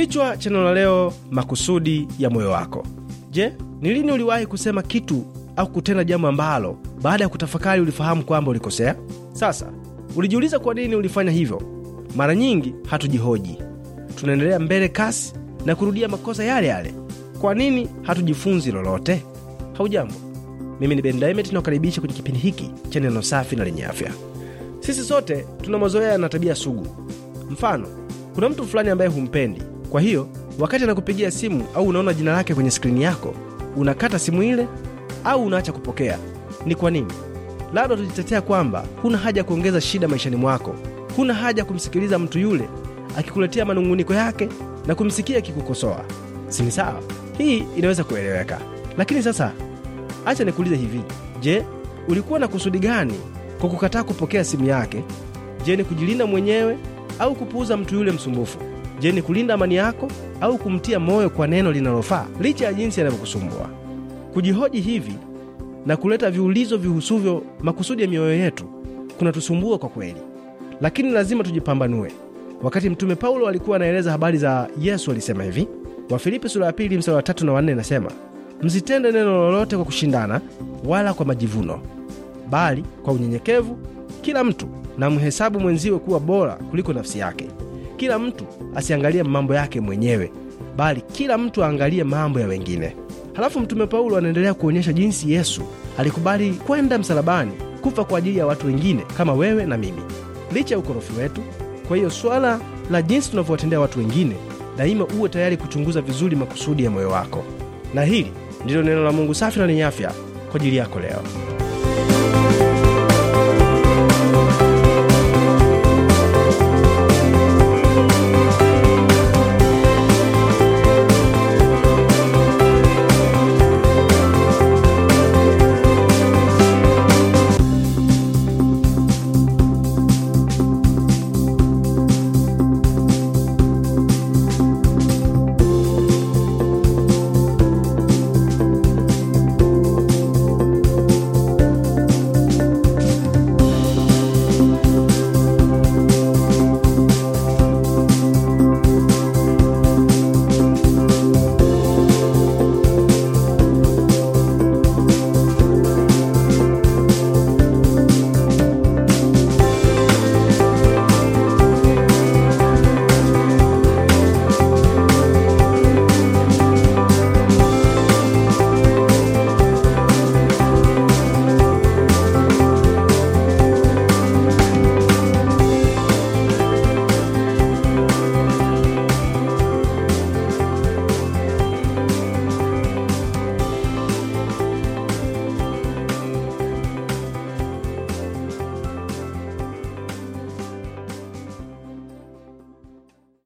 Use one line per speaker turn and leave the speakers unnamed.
Kichwa cha neno la leo, makusudi ya moyo wako. Je, ni lini uliwahi kusema kitu au kutenda jambo ambalo baada ya kutafakari ulifahamu kwamba ulikosea? Sasa ulijiuliza kwa nini ulifanya hivyo? Mara nyingi hatujihoji, tunaendelea mbele kasi na kurudia makosa yale yale. Kwa nini hatujifunzi lolote? Haujambo, mimi ni Ben Daimet, kwenye kipindi hiki cha neno safi na lenye afya. Sisi sote tuna mazoea na tabia sugu. Mfano, kuna mtu fulani ambaye humpendi kwa hiyo wakati anakupigia simu au unaona jina lake kwenye skrini yako, unakata simu ile au unaacha kupokea. Ni kwa nini? Labda utajitetea kwamba huna haja ya kuongeza shida maishani mwako, huna haja ya kumsikiliza mtu yule akikuletea manung'uniko yake na kumsikia akikukosoa. Si ni sawa? Hii inaweza kueleweka. Lakini sasa, acha nikuulize hivi, je, ulikuwa na kusudi gani kwa kukataa kupokea simu yake? Je, ni kujilinda mwenyewe au kupuuza mtu yule msumbufu? Je, ni kulinda amani yako au kumtia moyo kwa neno linalofaa licha ya jinsi yanavyokusumbua? Kujihoji hivi na kuleta viulizo vihusuvyo makusudi ya mioyo yetu kunatusumbua kwa kweli, lakini lazima tujipambanue. Wakati Mtume Paulo alikuwa anaeleza habari za Yesu alisema hivi, Wafilipi sura ya pili mstari wa tatu na wanne inasema, msitende neno lolote kwa kushindana wala kwa majivuno, bali kwa unyenyekevu kila mtu na mhesabu mwenziwe kuwa bora kuliko nafsi yake kila mtu asiangalie mambo yake mwenyewe, bali kila mtu aangalie mambo ya wengine. Halafu Mtume Paulo anaendelea kuonyesha jinsi Yesu alikubali kwenda msalabani kufa kwa ajili ya watu wengine kama wewe na mimi, licha ya ukorofi wetu. Kwa hiyo swala la jinsi tunavyowatendea watu wengine, daima uwe tayari kuchunguza vizuri makusudi ya moyo wako. Na hili ndilo neno la Mungu safi na lenye afya kwa ajili yako leo.